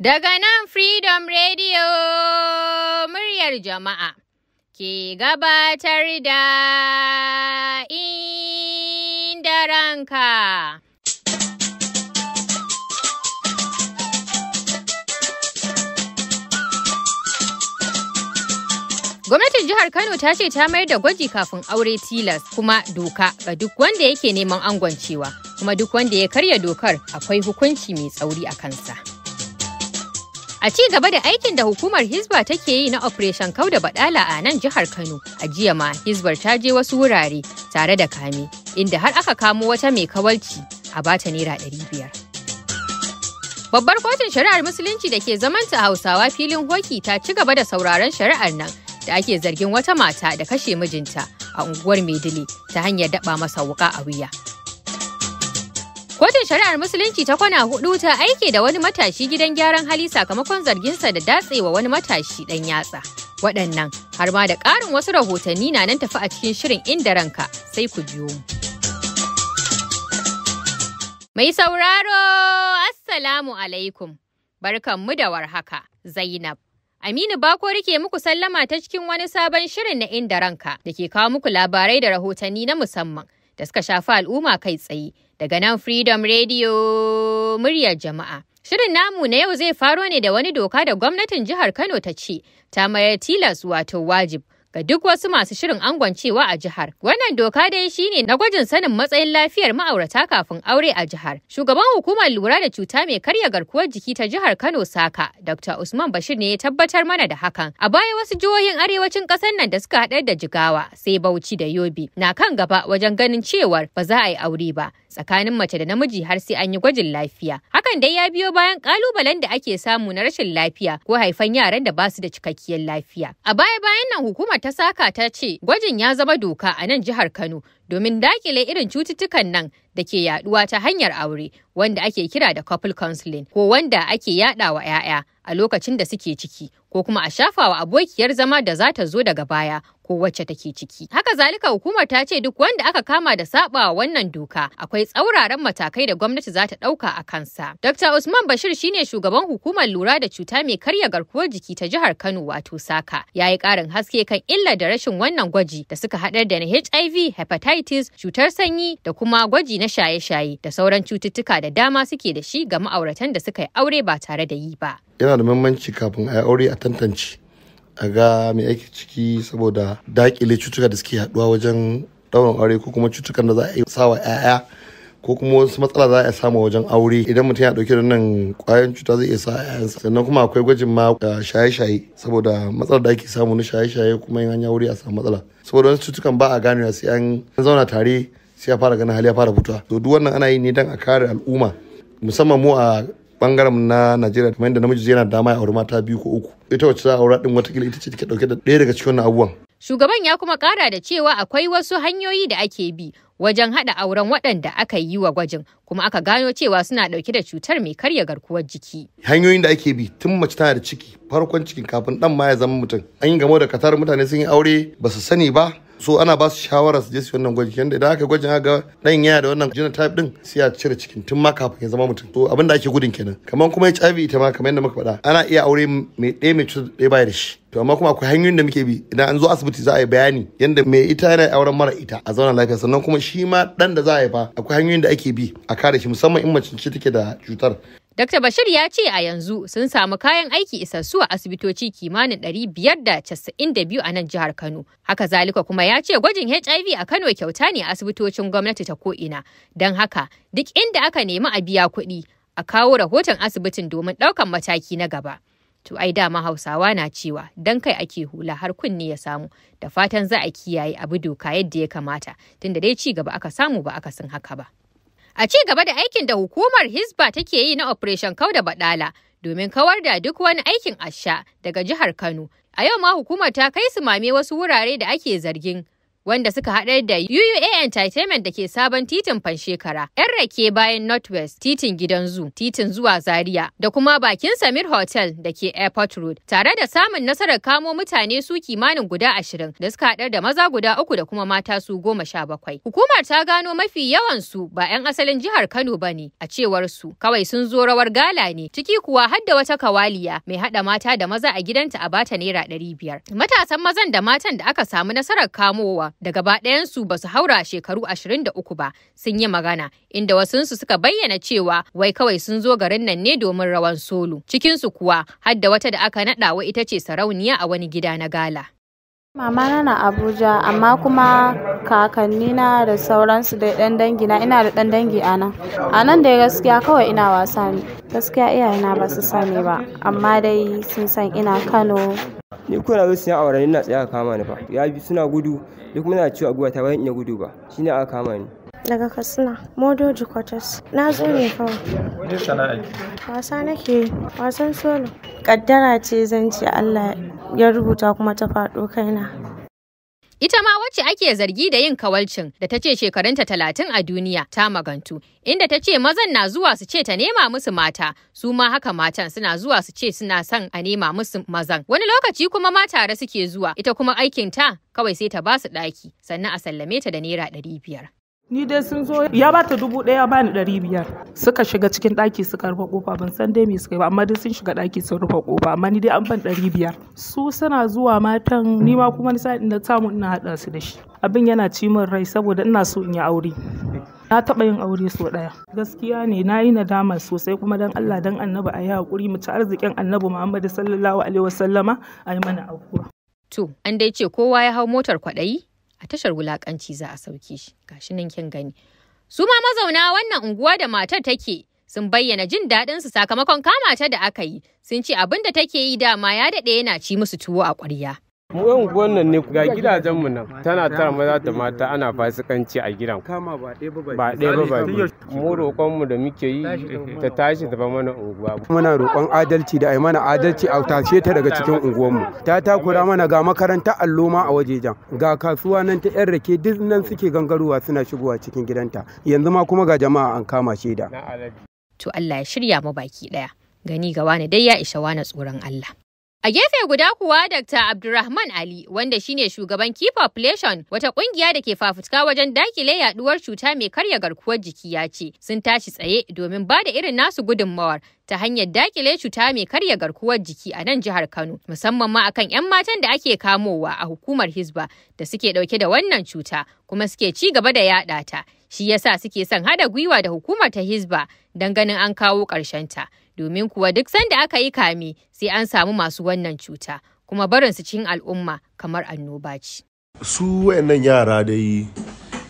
Daga nan Freedom Radio muryar jama'a ke gabatar da inda ranka. Gwamnatin jihar Kano ta ce ta mayar da gwaji kafin aure tilas kuma doka ga duk wanda yake neman angoncewa kuma duk wanda ya karya dokar akwai hukunci mai tsauri a kansa. A ci gaba da aikin da hukumar Hizba take yi na Operation da Badala a nan jihar Kano, a jiya ma Hizbar ta je wasu wurare tare da kame, inda har aka kamo wata mai kawalci a bata naira ɗari biyar. Babbar kotun shari'ar Musulunci da ke zamanta a Hausawa filin hoki ta ci gaba da sauraron shari'ar nan da ake zargin wata mata da kashe mijinta a unguwar Maidile ta hanyar daɓa masa wuka a wuya. Kotun shari'ar Musulunci ta kwana hudu ta aike da wani matashi gidan gyaran hali sakamakon zarginsa da datsewa wani matashi dan yatsa. Waɗannan har ma da ƙarin wasu rahotanni na nan tafi a cikin shirin inda ranka sai ku biyo mu. Mai sauraro, Assalamu alaikum, barkanmu da warhaka, Zainab. Aminu Bako rike muku sallama ta cikin wani sabon shirin na inda ranka da ke kawo muku labarai da rahotanni na musamman da suka shafi al'umma kai tsaye. Daga nan Freedom Radio muryar jama'a. Shirin namu na yau zai faro ne da wani doka da gwamnatin jihar Kano ta ce ta mayar tilas wato wajib ga duk wasu masu shirin angon cewa a jihar. Wannan doka dai shine na gwajin sanin matsayin lafiyar ma'aurata kafin aure a jihar. Shugaban hukumar lura da cuta mai karya garkuwar jiki ta jihar Kano Saka, Dr. Usman Bashir ne ya tabbatar mana da hakan. A baya wasu jihohin arewacin ƙasar nan da suka haɗar da Jigawa, sai Bauchi da Yobe na kan gaba wajen ganin cewar ba za a yi aure ba. tsakanin mace da namiji har sai an yi gwajin lafiya. Hakan dai ya biyo bayan kalubalen da ake samu na rashin lafiya ko haifan yaran da basu da cikakkiyar lafiya. A baya bayan nan hukumar ta saka ta ce gwajin ya zama doka a nan jihar Kano domin dakile irin cututtukan nan da ke yaduwa ta hanyar aure wanda ake kira da couple counseling ko wanda ake yadawa 'ya'ya a lokacin da suke ciki ko kuma a shafawa abokiyar zama da za ta zo daga baya ko wacce take ciki. Haka zalika hukumar ta ce duk wanda aka kama da saba wannan doka akwai tsauraran matakai da gwamnati za ta ɗauka a kansa. Dr. Usman Bashir shine shugaban hukumar lura da cuta mai karya garkuwar jiki ta jihar Kano wato Saka. Ya yi ƙarin haske kan illa da rashin wannan gwaji da suka haɗar da na HIV, hepatitis, cutar sanyi da kuma gwaji na shaye-shaye da sauran cututtuka da dama suke da shi ga ma'auratan da suka yi aure ba tare da yi ba. Yana da muhimmanci kafin a yi aure a tantance a ga mai aiki ciki saboda dakile cutuka da suke haduwa wajen daurin aure ko kuma cutukan da za a yi sawa 'ya'ya ko kuma wasu matsala za a samu wajen aure idan mutum ya da nan kwayan cuta zai iya sa ƴaƴansa sannan kuma akwai gwajin ma shaye-shaye saboda matsalar da ake samu na shaye-shaye kuma in an ya aure a samu matsala saboda wasu cutukan ba a ganewa sai an zauna tare sai ya fara ganin hali ya fara fitowa to duk wannan ana yi ne don a kare al'umma musamman mu a bangaren na Najeriya kamar yadda namiji yana dama ya auri mata biyu ko uku ita wacce za a aura din watakila ita ce take dauke da ɗaya daga cikin abubuwan Shugaban ya kuma kara da cewa akwai wasu hanyoyi da ake bi wajen haɗa auren waɗanda aka yi wa gwajin kuma aka gano cewa suna ɗauke da cutar mai karya garkuwar jiki. Hanyoyin da ake bi tun mace tana da ciki farkon cikin kafin ɗan ma ya zama mutum. An yi gamo da katar mutane sun yi aure ba su sani ba so ana ba su shawara su je su wannan gwaji yanda idan aka gwajin aka dan yana da wannan genotype din sai a cire cikin tun ma kafin ya zama mutum to abin da ake gudun kenan kamar kuma HIV ita ma kamar yadda muka faɗa ana iya aure mai ɗaya mai cutar ɗaya baya da shi to amma kuma akwai hanyoyin da muke bi idan an zo asibiti za a yi bayani yadda mai ita yana auren mara ita a zauna lafiya sannan kuma shi ma dan da za a yi haifa akwai hanyoyin da ake bi a kare shi musamman in mace ce take da cutar Dr. Bashir ya ce a yanzu sun samu kayan aiki isassu a asibitoci kimanin 592 a nan jihar Kano. Haka zalika kuma ya ce gwajin HIV a Kano kyauta ne a asibitocin gwamnati ta ko'ina. Don haka duk inda aka nemi a biya kuɗi a kawo rahoton asibitin domin ɗaukan mataki na gaba. To ai dama Hausawa na cewa don kai ake hula har kunne ya samu da fatan za a kiyaye abu doka yadda ya kamata tunda dai ci gaba aka samu ba aka san haka ba. A ci gaba da aikin da hukumar hisba take yi na Operation Kauda Badala domin kawar da duk wani aikin asha daga jihar Kano. A yau ma hukumar ta kai su mame wasu wurare da ake zargin wanda suka haɗar da UUA Entertainment da ke sabon titin fan shekara. ‘yan rake bayan Northwest titin gidan zu, titin zuwa Zaria, da kuma bakin Samir Hotel da ke Airport Road, tare da samun nasarar kamo mutane su kimanin guda ashirin da suka haɗar da maza guda uku da kuma mata su goma sha bakwai. Hukumar ta gano mafi yawan su ba 'yan asalin jihar Kano ba ne, a cewar su kawai sun zo rawar gala ne, ciki kuwa har da wata kawaliya mai haɗa mata da maza a gidanta a bata naira ɗari biyar. Matasan mazan da matan da aka samu nasarar kamowa da gaba ɗayansu ba su haura shekaru 23 ba sun yi magana inda wasunsu suka bayyana cewa wai kawai sun zo garin nan ne domin rawan solo cikinsu kuwa hadda wata da aka naɗawa ita ce sarauniya a wani gida na gala. Mamana na Abuja amma kuma kakannina da sauransu da ɗan na, ina da ɗan dangi a nan. A nan dai gaskiya kawai ina wasa ne. Gaskiya iyayena ba su sani ba amma dai sun san ina Kano. Ni ko na zo aure awara ina tsaya aka kama ni fa. Ya bi suna gudu duk muna a guwa ta bayan ina gudu ba. Shine aka kama ni. Daga Katsina, Modoji jikotas Na zo ne kawai. Wani sana'a Wasa nake wasan solo. Kaddara ce zan ce Allah ya rubuta kuma ta faɗo kaina. Ita ma wacce ake zargi da yin kawalcin da ta ce shekarunta talatin a duniya ta magantu, inda ta ce mazan na zuwa su ce ta nema musu mata, su ma haka matan suna zuwa su ce suna son a nema musu mazan. Wani lokaci kuma ma tare suke zuwa, ita kuma aikinta kawai sai ta ba su ɗaki, sannan a sallame ta da naira ɗari biyar. ni dai sun zo ya ba ta dubu ɗaya ba ni ɗari biyar suka shiga cikin ɗaki suka rufe kofa ban san dai me suka yi ba amma dai sun shiga ɗaki sun rufe kofa amma ni dai an ban ɗari biyar su suna zuwa matan ni ma kuma ni sa'in da samu ina haɗa su da shi abin yana ci min rai saboda ina so in yi aure na taɓa yin aure sau ɗaya gaskiya ne na yi nadama sosai kuma dan Allah dan annabi a yi haƙuri mu ci arzikin annabi Muhammadu sallallahu alaihi wasallama a yi mana aure. To, an dai ce kowa ya hau motar kwaɗayi a tashar wulakanci za a sauke shi ga shi nan kin gani su ma mazauna wannan unguwa da matar take sun bayyana jin daɗin su sakamakon kama ta da aka yi sun ce abin da take yi dama ya daɗe yana ci musu tuwo a ƙwarya mu yan unguwan nan ne ga gidajen nan tana tara maza da mata ana fasikanci a gidan kama ba ɗaya ba ba ɗaya ba mu roƙon mu da muke yi ta tashi ta mana unguwa muna roƙon adalci da ai mana adalci a tashe ta daga cikin unguwan mu ta takura mana ga makaranta alloma ma a wajejan ga kasuwa nan ta yan rake duk nan suke gangarowa suna shigowa cikin gidanta yanzu ma kuma ga jama'a an kama shaida to Allah ya shirya mu baki daya gani ga wani dai ya isha wani tsoron Allah A gefe guda kuwa Dr. Abdulrahman Ali wanda shine shugaban Key Population wata kungiya da ke fafutuka wajen dakile yaduwar cuta mai karya garkuwar jiki ya ce sun tashi tsaye domin ba da irin nasu gudunmawar ta hanyar dakile cuta mai karya garkuwar jiki a nan jihar Kano musamman ma akan 'yan matan da ake kamowa a hukumar Hizba da suke dauke da wannan cuta kuma suke ci gaba da yada ta shi yasa suke son hada gwiwa da hukumar ta Hizba don ganin an kawo ƙarshen ta. domin kuwa duk sanda aka yi kame sai an samu masu wannan cuta kuma barinsu cikin al'umma kamar annoba ce. su wayannan yara dai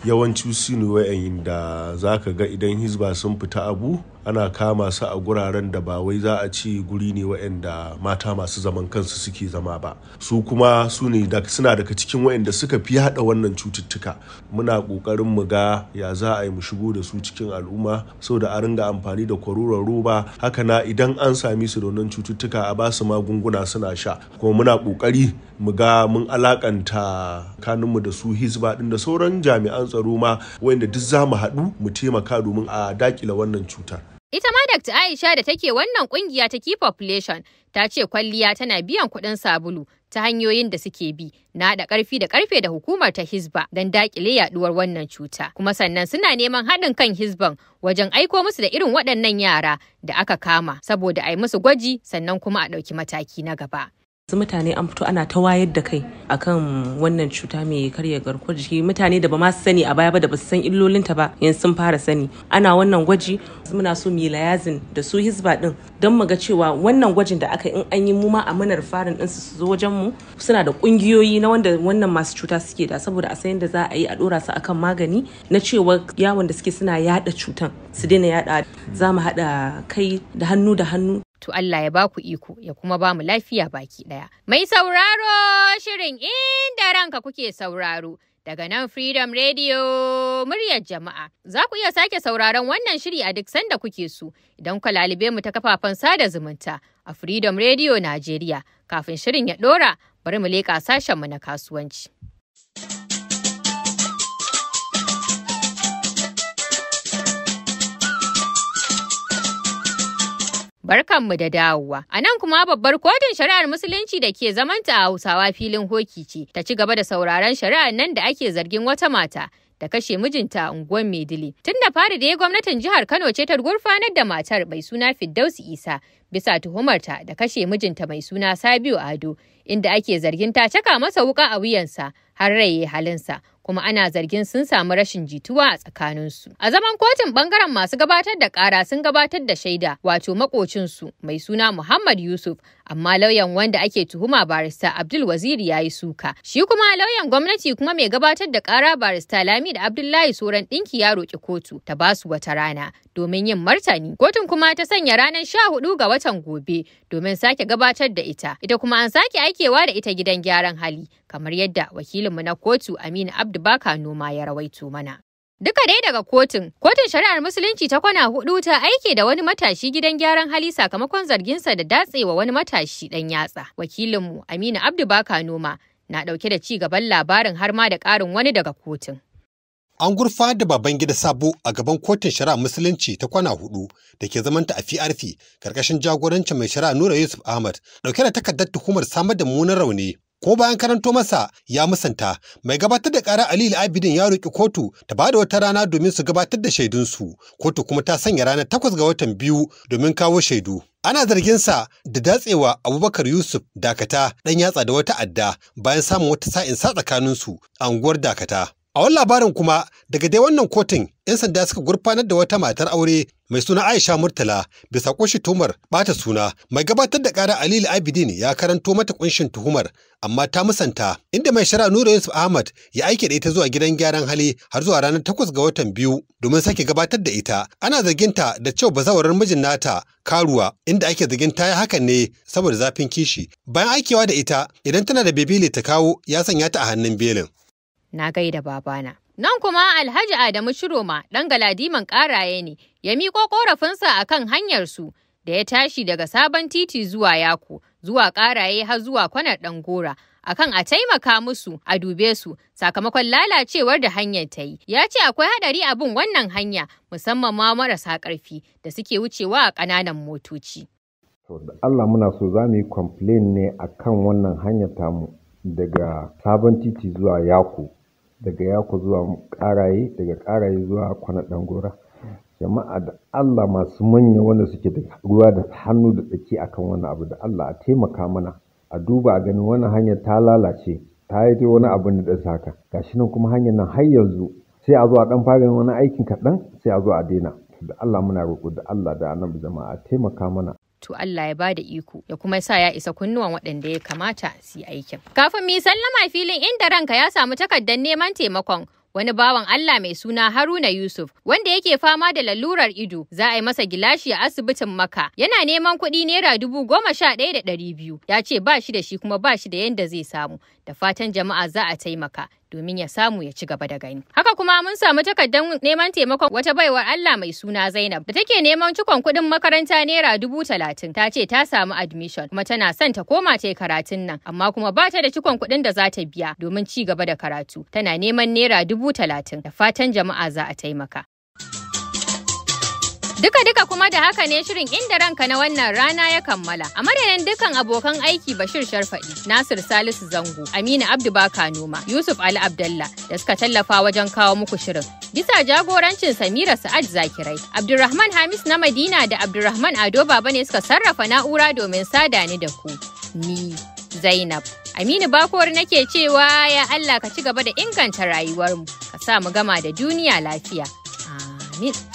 yawanci su ne wa'yan da za ka ga idan hizba sun fita abu ana kama su a guraren da ba wai za a ci guri ne waɗanda mata masu zaman kansu suke zama ba su kuma su ne suna daga cikin waɗanda suka fi haɗa wannan cututtuka muna ƙoƙarin mu ga ya za a yi mu shigo da su cikin al'umma sau da a ringa amfani da kwaroron roba haka na idan an sami su da wannan cututtuka a ba su magunguna suna sha kuma muna ƙoƙari mu ga mun alakanta kanunmu da su hizba ɗin da sauran jami'an tsaro ma waɗanda duk za mu haɗu mu taimaka domin a dakile wannan cutar Ita ma Dr. Aisha da take wannan kungiya ta Key Population ta ce kwalliya tana biyan kuɗin sabulu ta hanyoyin da suke bi na haɗa ƙarfi da ƙarfe da hukumar ta Hizba don daƙile yaɗuwar wannan cuta. Kuma sannan suna neman haɗin kan Hizban wajen aiko musu da irin waɗannan yara da aka kama saboda a yi musu gwaji sannan kuma a ɗauki mataki na gaba. su mutane an fito ana ta wayar da kai akan wannan cuta mai karya garkuwar jiki mutane da ba ma sani a baya ba da ba su san illolinta ba yanzu sun fara sani ana wannan gwaji muna so mu layazin da su hisba din don mu ga cewa wannan gwajin da aka in an yi mu ma manar farin din su zo wajen mu suna da kungiyoyi na wanda wannan masu cuta suke da saboda a san yadda za a yi a dora su akan magani na cewa yawon da suke suna yada cutan su daina yada za mu hada kai da hannu da hannu to Allah ya baku iko ya kuma ba mu lafiya baki ɗaya. Mai sauraro shirin inda ranka kuke sauraro. Daga nan Freedom Radio muryar jama'a za ku iya sake sauraron wannan shiri a duk sanda kuke so idan ku lalube mu ta kafafen sada zumunta a Freedom Radio Najeriya kafin shirin ya ɗora bari mu leƙa sashenmu na kasuwanci. mu da dawowa. A nan kuma babbar kotun shari'ar musulunci da ke zamanta a Hausawa filin hoki ce ta ci gaba da sauraron shari'ar nan da ake zargin wata mata da kashe mijinta a unguwar Maidili. Tun da fari da ya gwamnatin jihar Kano ce ta gurfanar da matar mai suna Fiddausi, Isa bisa tuhumarta da kashe mijinta mai suna Sabiu Ado inda ake zargin ta caka masa wuka a wuyansa har raye halinsa kuma ana zargin sun samu rashin jituwa a tsakaninsu. A zaman kotun bangaren masu gabatar da kara sun gabatar da shaida wato makocinsu mai suna Muhammad Yusuf amma lauyan wanda ake tuhuma barista Abdul Waziri ya yi suka. Shi kuma lauyan gwamnati kuma mai gabatar da kara barista Lami da Abdullahi Soran dinki ya roƙi kotu ta basu wata rana domin yin martani. Kotun kuma ta sanya ranar sha hudu ga watan gobe domin sake gabatar da ita. Ita kuma an sake aikewa da ita gidan gyaran hali. kamar yadda wakilinmu na kotu Aminu Abdu Baka Noma ya rawaito mana. Duka dai daga kotun, kotun shari'ar musulunci ta kwana hudu ta aike da wani matashi gidan gyaran hali sakamakon zarginsa da datsewa wani matashi dan yatsa. Wakilinmu Aminu Abdu Baka Noma na dauke da ci gaban labarin har ma da karin wani daga kotun. An gurfa da baban gida sabo a gaban kotun shari'ar musulunci ta kwana hudu da ke zamanta a PRP karkashin jagorancin mai shari'a Nura Yusuf Ahmad dauke da takardar tuhumar samar da munar rauni ko bayan karanto masa ya musanta mai gabatar da ƙara aliyu abidin ya roƙi kotu ta ba da wata rana domin su gabatar da shaidunsu kotu kuma ta sanya rana takwas ga watan biyu domin kawo shaidu ana zarginsa da datsewa abubakar yusuf dakata ɗan yatsa da wata adda bayan samun wata sa'in sa tsakaninsu a unguwar dakata A wani labarin kuma daga dai wannan kotun 'yan sanda suka gurfanar da wata matar aure mai suna Aisha Murtala bisa kunshi tuhumar bata suna mai gabatar da ƙara Aliyu Abidin ya karanto mata kunshin tuhumar amma ta musanta inda mai shara Nura Yusuf Ahmad ya aike da ita zuwa gidan gyaran hali har zuwa ranar takwas ga watan biyu domin sake gabatar da ita ana zarginta da cewa bazawarar mijin nata karuwa inda ake zargin ta yi hakan ne saboda zafin kishi bayan aikewa da ita idan tana da bebele ta kawo ya sanya ta a hannun belin na gaida babana. Nan kuma Alhaji Adamu Shiroma ɗan galadiman ƙaraye ne ya miƙo ƙorafinsa a kan hanyarsu da ya tashi daga sabon titi zuwa Yako zuwa ƙaraye har zuwa kwanar ɗangora a kan a taimaka musu a dube su sakamakon lalacewar da hanyar ta yi ya ce akwai haɗari a bin wannan hanya musamman ma marasa ƙarfi da suke wucewa a ƙananan motoci. to da Allah muna so za mu yi complain ne akan wannan hanyar tamu daga sabon titi zuwa yako daga Yako zuwa Ƙaraye, daga karaye zuwa Kwana gora. Jama'a da Allah masu manya wanda suke da ruwa da hannu da tsaki akan wani abu da Allah a taimaka mana a duba a ganin wani hanyar ta lalace ta yi wani abu da ɗansa haka gashi nan kuma hanyar nan har yanzu sai a zo a ɗan fara wani aikin kaɗan sai a zo a daina da Allah muna roƙo da Allah da annabi jama'a a taimaka mana to Allah ya bada iko ya kuma sa ya isa kunnuwan waɗanda ya kamata su yi aikin. Kafin mu sallama filin inda ranka ya samu takardar neman taimakon wani bawan Allah mai suna Haruna Yusuf wanda yake fama da lalurar ido za a yi masa gilashi a asibitin Maka yana neman kuɗi naira dubu goma sha ɗaya da ɗari biyu ya ce ba shi da shi kuma ba shi da yadda zai samu da fatan jama'a za a taimaka domin ya samu ya ci gaba da gani. Haka kuma mun samu takardar neman taimakon wata baiwar Allah mai suna Zainab da take neman cikon kuɗin makaranta naira dubu talatin ta ce ta samu admission kuma tana son ta koma ta karatun nan amma kuma ba ta da cikon kuɗin da za ta biya domin ci gaba da karatu tana neman naira dubu talatin da fatan jama'a za a taimaka. Duka-duka kuma da haka ne shirin inda ranka na wannan rana ya kammala. A madadin dukan abokan aiki Bashir Sharfaɗi, Nasir Salisu Zango, Aminu Abdu Baka Noma, Yusuf Ali Abdalla da suka tallafa wajen kawo muku shirin. Bisa jagorancin Samira Sa'ad Zakirai, Abdulrahman Hamis na Madina da Abdulrahman Ado Baba ne suka sarrafa na'ura domin sada ni da ku. Ni Zainab. Aminu Bakor nake cewa ya Allah ka ci gaba da inganta rayuwarmu, ka sa mu gama da duniya lafiya. Amin.